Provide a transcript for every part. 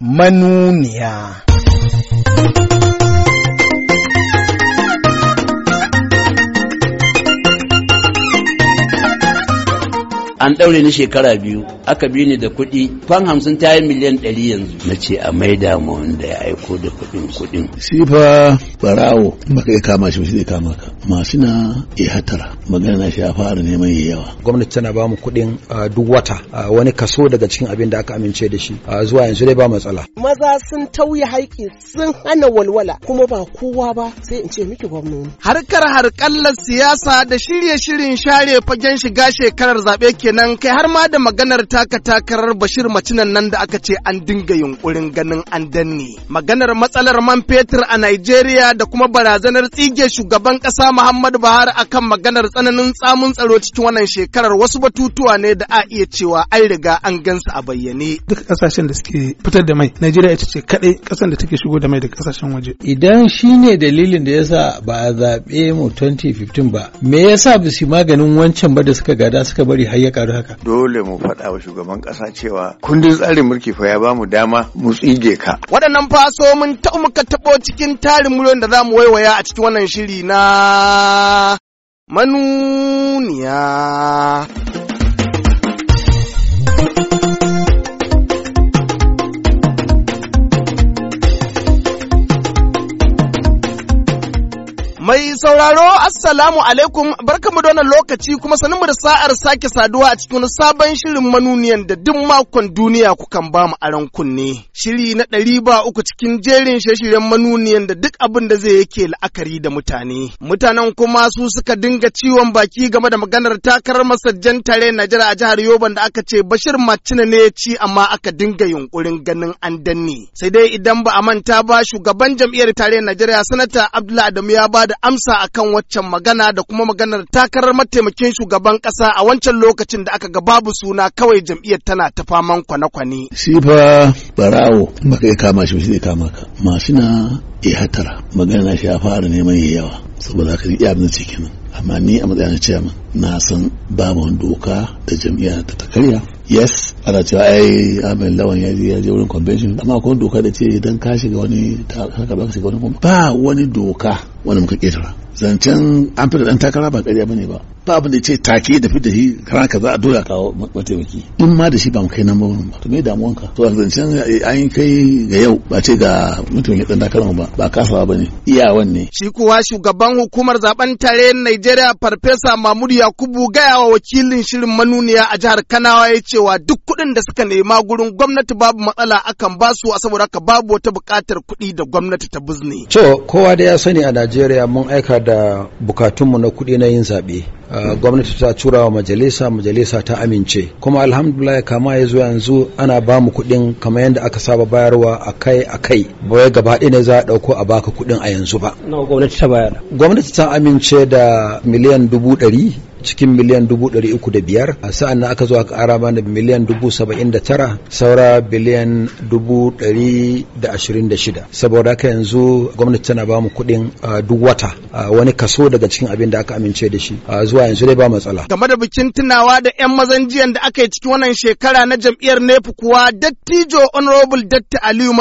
manuniya. an ɗaure ni shekara biyu aka bi ni da kuɗi fan hamsin ta yi miliyan ɗari yanzu na ce a maida mu wanda ya aiko da kuɗin kuɗin. sifa barawo ba ka kama shi ba shi zai kama ka masu na ya hatara magana na shi ya fara neman yayi yawa gwamnati tana ba mu kuɗin duk wata wani kaso daga cikin abin da aka amince da shi zuwa yanzu dai ba matsala maza sun tauye haƙƙi sun hana walwala kuma ba kowa ba sai in ce miki gwamnoni harkar harkallar siyasa da shirye shirin share fagen shiga shekarar zaɓe kenan kai har ma da maganar taka takarar bashir macinan nan da aka ce an dinga yunkurin ganin an danne maganar matsalar man fetur a Najeriya Najeriya da kuma barazanar tsige shugaban ƙasa Muhammadu Buhari akan maganar tsananin tsamun tsaro cikin wannan shekarar wasu batutuwa ne da a iya cewa an riga an gansu a bayyane. Duka ƙasashen da suke fitar da mai, Najeriya ita ce kaɗai ƙasar da take shigo da mai daga ƙasashen waje. Idan shi ne dalilin da yasa ba a zaɓe mu 2015 ba, me yasa ba su maganin wancan ba da suka gada suka bari har ya ƙaru haka? Dole mu faɗa wa shugaban ƙasa cewa kundin tsarin mulki fa ya ba mu dama mu tsige ka. Waɗannan faso mun ta muka taɓo cikin tarin miliyoyin da za mu waiwaya a cikin wannan shiri na manuniya. Mai sauraro Assalamu alaikum barka da wannan lokaci kuma sanin mu da sa'ar sake saduwa a cikin sabon shirin manuniyan da duk makon duniya kukan ba mu aran kunne. Shiri na ɗari ba uku cikin jerin shirye-shiryen manuniyan da duk abin da zai yake la'akari da mutane. Mutanen kuma su suka dinga ciwon baki game da maganar takarar masajjan tare jira a jihar Yoban da aka ce Bashir Macina ne ya ci amma aka dinga yunkurin ganin an danne. Sai dai idan ba a manta ba shugaban jam'iyyar tare Najeriya sanata Abdullahi Adamu ya ba da amsa akan waccan magana da kuma maganar takarar mataimakin shugaban ƙasa a wancan lokacin da aka ga babu suna kawai jam'iyyar tana ta faman kwane-kwane. Sifa barawo baka ya kama shi ne kama ka masu na iya hatara magana shi ya fara neman yawa saboda haka ya abin cikin amma ni a matsayin chairman na san babu doka da jam'iyya ta ta yes ana cewa ai amin lawan ya je wurin convention amma akwai doka da ce idan ka shiga wani haka ba ka shiga wani kuma ba wani doka wani muka ketara zancen an fita dan takara ba ƙarya bane ba ba abin da ce take da fi da shi ran ka za a dole kawo mataimaki in ma da shi ba mu kai nan ba ba to me ka. to a zancen eh, an kai ga yau ba ce ga mutum ya dan dakaran ba ba kasawa bane iyawan ne shi kuwa shugaban hukumar zaben tare Najeriya farfesa Mahmud Yakubu gaya wa wakilin shirin manuniya a jihar Kanawa ya cewa duk kuɗin da suka nema gurin gwamnati babu matsala akan ba su saboda haka babu wata buƙatar kuɗi da gwamnati ta bizne. To kowa da ya sani a Najeriya mun aika da bukatunmu na kuɗi na yin zaɓe Ah, gwamnati ta tura wa majalisa majalisa ta amince kuma alhamdulillah kama ya zo yanzu ana ba mu kuɗin kamar yadda aka saba bayarwa akai akai kai bai gaba ne za a ɗauko a baka kuɗin a yanzu ba gwamnati ta bayar gwamnati ta amince da miliyan dubu ɗari cikin miliyan dubu ɗari uku da biyar sa'an na aka zo aka ƙara mana miliyan dubu saba'in da tara saura biliyan dubu ɗari da ashirin da shida saboda haka yanzu gwamnati tana ba mu kuɗin duk wata wani kaso daga cikin abin da aka amince da shi zuwa yanzu dai ba matsala. game da bikin tunawa da 'yan mazan jiyan da aka yi cikin wannan shekara na jam'iyyar nepu kuwa dattijo honorable datti aliyu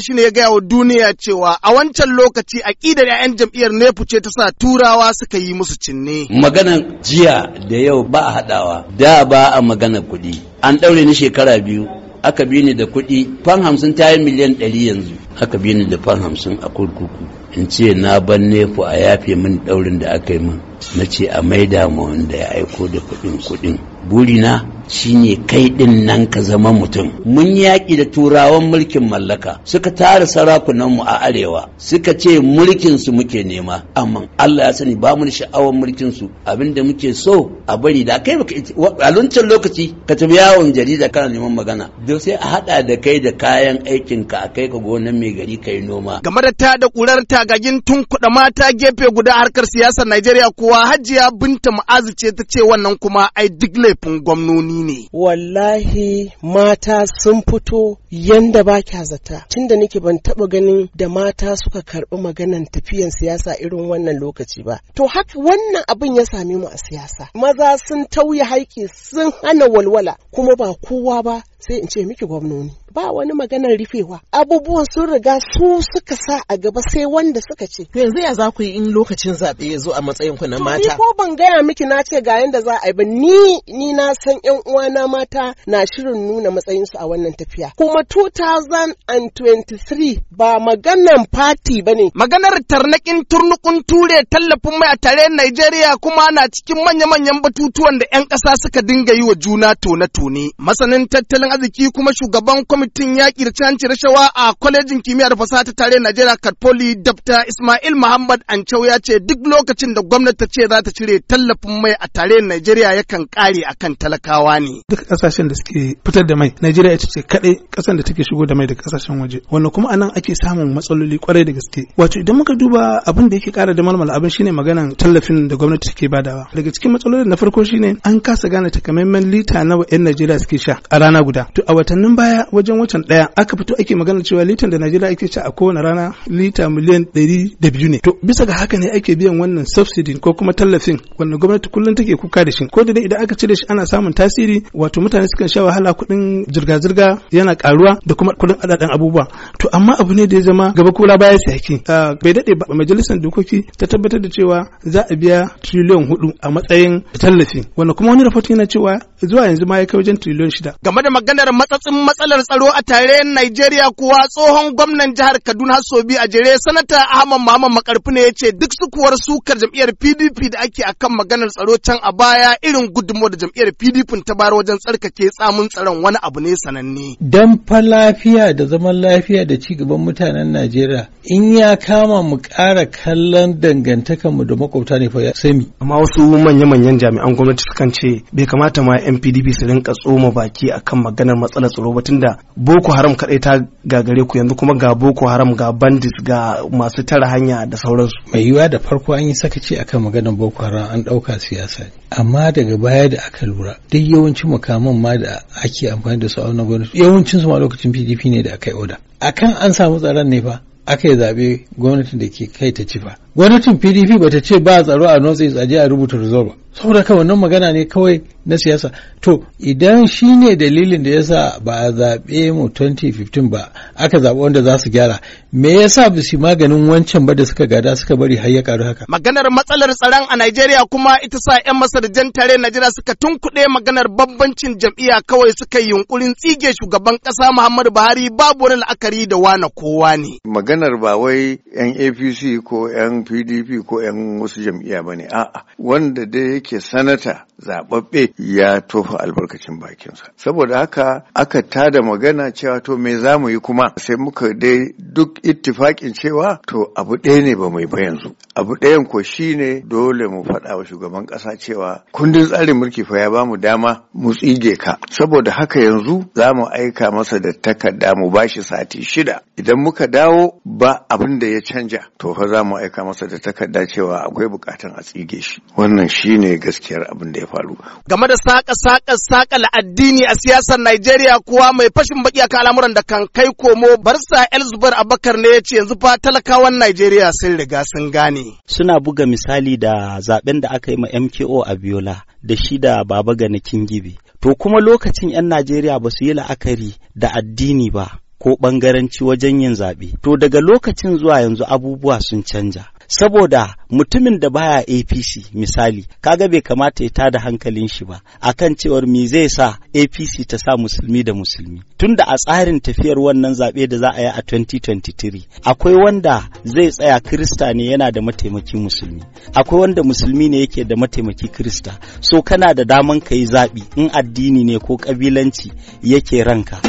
shi ne ya gaya wa duniya cewa a wancan lokaci aƙidar 'ya'yan jam'iyyar nepu ce ta sa turawa suka yi musu cinne. maganan jiya jiya da yau ba a haɗawa da ba a magana kuɗi an ɗaure ni shekara biyu aka bi ni da kuɗi fan hamsin ta yi miliyan ɗari yanzu aka bi ni da fan hamsin a kurkuku in ce na ban nefu a yafe min ɗaurin da aka yi min na ce a maida mu wanda ya aiko da kuɗin kuɗin burina shine kai din nan ka zama mutum mun yaƙi da turawan mulkin mallaka suka tara sarakunanmu a arewa suka ce mulkin su muke nema amma Allah ya sani ba mu sha'awar mulkin su abinda muke so a bari da kai a luncin lokaci ka tafi yawon jarida kana neman magana da sai a hada da kai da kayan aikin ka a kai ka gonan mai gari kai noma game da ta da kurar tagagin tun kuɗa mata gefe guda harkar siyasar Najeriya kowa cewa hajiya binta ma'azu ce ta ce wannan kuma ai duk laifin gwamnoni ne. Wallahi mata sun fito yanda ba kya zata tunda nake ban taba ganin da mata suka karbi maganan tafiyan siyasa irin wannan lokaci ba to haka wannan abin ya same mu a siyasa maza sun tauye haiki sun hana walwala kuma ba kowa ba sai in ce miki gwamnoni ba wani maganar rufewa abubuwan sun riga su suka sa a gaba sai wanda suka ce yanzu ya za ku yi in lokacin zaɓe ya zo a matsayin ku na mata ko ban gaya miki na ce ga yanda za a yi ba ni ni na san yan uwana mata na shirin nuna matsayinsu a wannan tafiya kuma 2023 ba maganan fati ba ne. Maganar tarnakin turnukun ture tallafin mai a tare Nigeria kuma na cikin manya-manyan batutuwan da 'yan ƙasa suka dinga yi wa juna tone-tone. Masanin tattalin arziki kuma shugaban kwamitin yaƙi da canci rashawa a kwalejin Kimiyyar da fasaha ta tare Najeriya Katfoli Dr. Ismail Muhammad Ancau ya ce duk lokacin da gwamnati ta ce za ta cire tallafin mai a tare Nigeria yakan ƙare akan talakawa ne. Duk ƙasashen da suke fitar da mai Nigeria ita ce kaɗai ƙasar da take shigo da mai da kasashen waje wannan kuma anan ake samun matsaloli kwarai da gaske wato idan muka duba abin da yake kara da malmala abin shine maganan tallafin da gwamnati take badawa daga cikin matsalolin na farko shine an kasa gane takamaiman lita nawa yan Najeriya suke sha a rana guda to a watannin baya wajen watan daya aka fito ake magana cewa litan da Najeriya ake sha a kowane rana lita miliyan ɗari da biyu ne to bisa ga haka ne ake biyan wannan subsidy ko kuma tallafin wannan gwamnati kullun take kuka da shi ko da idan aka cire shi ana samun tasiri wato mutane sukan sha wahala kuɗin zirga-zirga yana karuwa da kuma kudin adadin abubuwa to amma abu ne da ya zama gaba kula baya saki ah, bai dade ba majalisar dokoki ta tabbatar da cewa za a biya triliyan hudu a matsayin tallafi wanda kuma wani rahoton yana cewa zuwa yanzu ma ya kai wajen shida. Game da maganar matsatsin matsalar tsaro a tarayyar Najeriya kuwa tsohon gwamnan jihar Kaduna Sobi a jere sanata Ahmad Muhammad Makarfi ne ya ce duk sukuwar sukar jam'iyyar PDP da ake kan maganar tsaro can a baya irin gudummawar da jam'iyyar PDP ta bayar wajen tsarkake tsamin tsaron wani abu ne sananne. Dan fa lafiya da zaman lafiya da ci gaban mutanen Najeriya in ya kama mu ƙara kallon dangantakanmu da makwabta ne fa ya sami. Amma wasu manya-manyan jami'an gwamnati sukan ce bai kamata ma 'yan pdp su rinka tsoma baki akan maganar matsalar tsaro ba tunda boko haram kadai ta gagare ku yanzu kuma ga boko haram ga bandits ga masu tara hanya da sauransu mai yiwuwa da farko an yi sakaci akan maganar boko haram an dauka siyasa amma daga baya da aka lura duk yawancin makaman ma da ake amfani da su a wannan gwamnati yawancin su ma lokacin pdp ne da aka yi oda akan an samu tsaron ne fa aka yi zaɓe gwamnatin da ke kai ta ci gwamnatin pdp bata ce ba tsaro a notsi tsaje a rubuta result ba saboda kawai wannan magana ne kawai na siyasa to idan shi ne dalilin da yasa ba a zaɓe mu 2015 ba aka zaɓi wanda za su gyara me yasa ba su maganin wancan ba da suka gada suka bari har ya karu haka maganar matsalar tsaron a Najeriya kuma ita sa yan Masar jan tare Najeriya suka tunkuɗe maganar bambancin jam'iyya kawai suka yi yunkurin tsige shugaban ƙasa Muhammadu Buhari babu wani la'akari da wana kowa ne maganar ba wai yan APC ko yan pdp ko 'yan wasu jam'iyya ba ne a'a wanda dai yake sanata zaɓaɓɓe ya tofa albarkacin bakinsa saboda haka aka tada magana cewa to me za mu yi kuma sai muka dai duk ittifakin cewa to abu ɗaya ne ba mai ba yanzu abu ɗayan ko shine dole mu faɗa wa shugaban ƙasa cewa kundin tsarin mulki fa ya bamu dama mu tsige ka saboda haka yanzu za mu aika masa da takarda mu bashi sati shida idan muka dawo ba abin da ya canja to fa za mu aika masa da takarda cewa akwai bukatan a tsige shi wannan shine gaskiyar abin da ya faru game da saka saka saka addini a siyasar Najeriya kuwa mai fashin baki a kalamuran da kan kai komo barsa Elzubar Abakar ne ya ce yanzu fa talakawan Najeriya sun riga sun gane suna buga misali da zaben da aka yi ma MKO a Biola da shi da Baba Gani gibi to kuma lokacin 'yan Najeriya ba su yi la'akari da addini ba ko ɓangaranci wajen yin zaɓe. To daga lokacin zuwa yanzu abubuwa sun canja. saboda mutumin da baya apc misali kaga bai kamata ya tada hankalin shi ba akan cewar me zai sa apc ta sa musulmi da musulmi tunda a tsarin tafiyar wannan zaɓe da za a yi a 2023 akwai wanda zai tsaya krista ne yana da mataimaki musulmi akwai wanda musulmi ne yake da mataimaki krista so kana da daman ka yi zaɓi in addini ne ko ƙabilanci yake ranka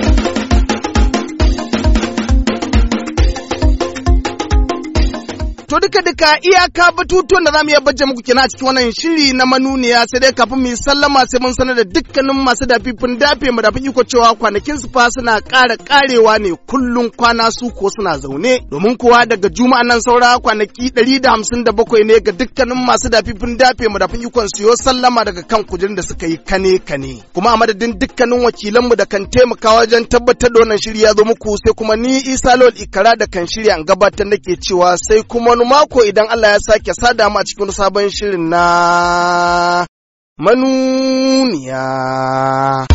To duka duka iyaka batutuwan da zamu iya bajje muku kina cikin wannan shiri na manuniya sai dai kafin mu sallama sai mun sanar da dukkanin masu dafifin dafe mu dafin iko cewa kwanakin su fa suna ƙara ƙarewa ne kullun kwana su ko suna zaune domin kuwa daga juma'a nan saura kwanaki 157 ne ga dukkanin masu dafifin dafe mu dafin ikon yo sallama daga kan kujerun da suka yi kane kane kuma a madadin dukkanin wakilan mu da kan taimaka wajen tabbatar da wannan shiri ya zo muku sai kuma ni Isa Lol Ikara da kan shirya gabatar nake cewa sai kuma mako idan Allah ya sake sada mu a cikin sabon shirin na manuniya.